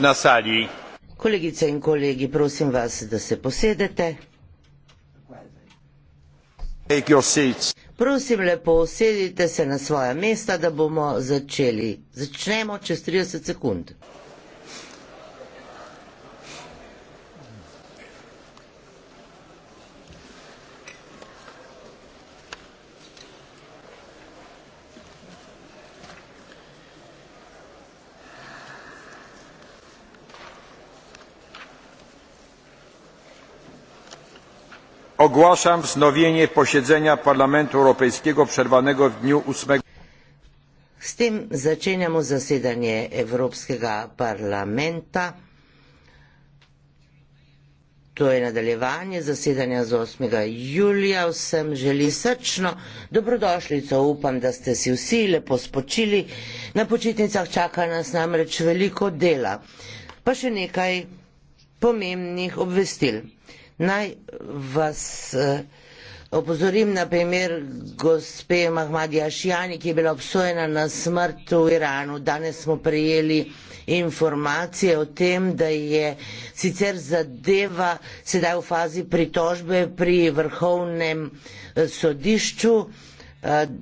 Nasalji. Kolegice in kolegi, prosim vas, da se posedete. Prosim lepo, sedite se na svoja mesta, da bomo začeli. Začnemo čez 30 sekund. ogłaszam wznowienie posiedzenia Parlamentu Europejskiego przerwanego w dniu 8. Z tym zaczynamy zasiedanie Europejskiego Parlamentu. To je nadaljevanje zasedanja z 8. julija. Vsem želim srčno dobrodošlico. Upam, da ste si vsi lepo spočili. Na počitnicah čaka nas namreč veliko dela. Pa še nekaj pomembnih obvestil. Naj vas eh, opozorim na primer gospe Mahmadi Ašijani, ki je bila obsojena na smrt v Iranu. Danes smo prejeli informacije o tem, da je sicer zadeva sedaj v fazi pritožbe pri vrhovnem eh, sodišču, eh,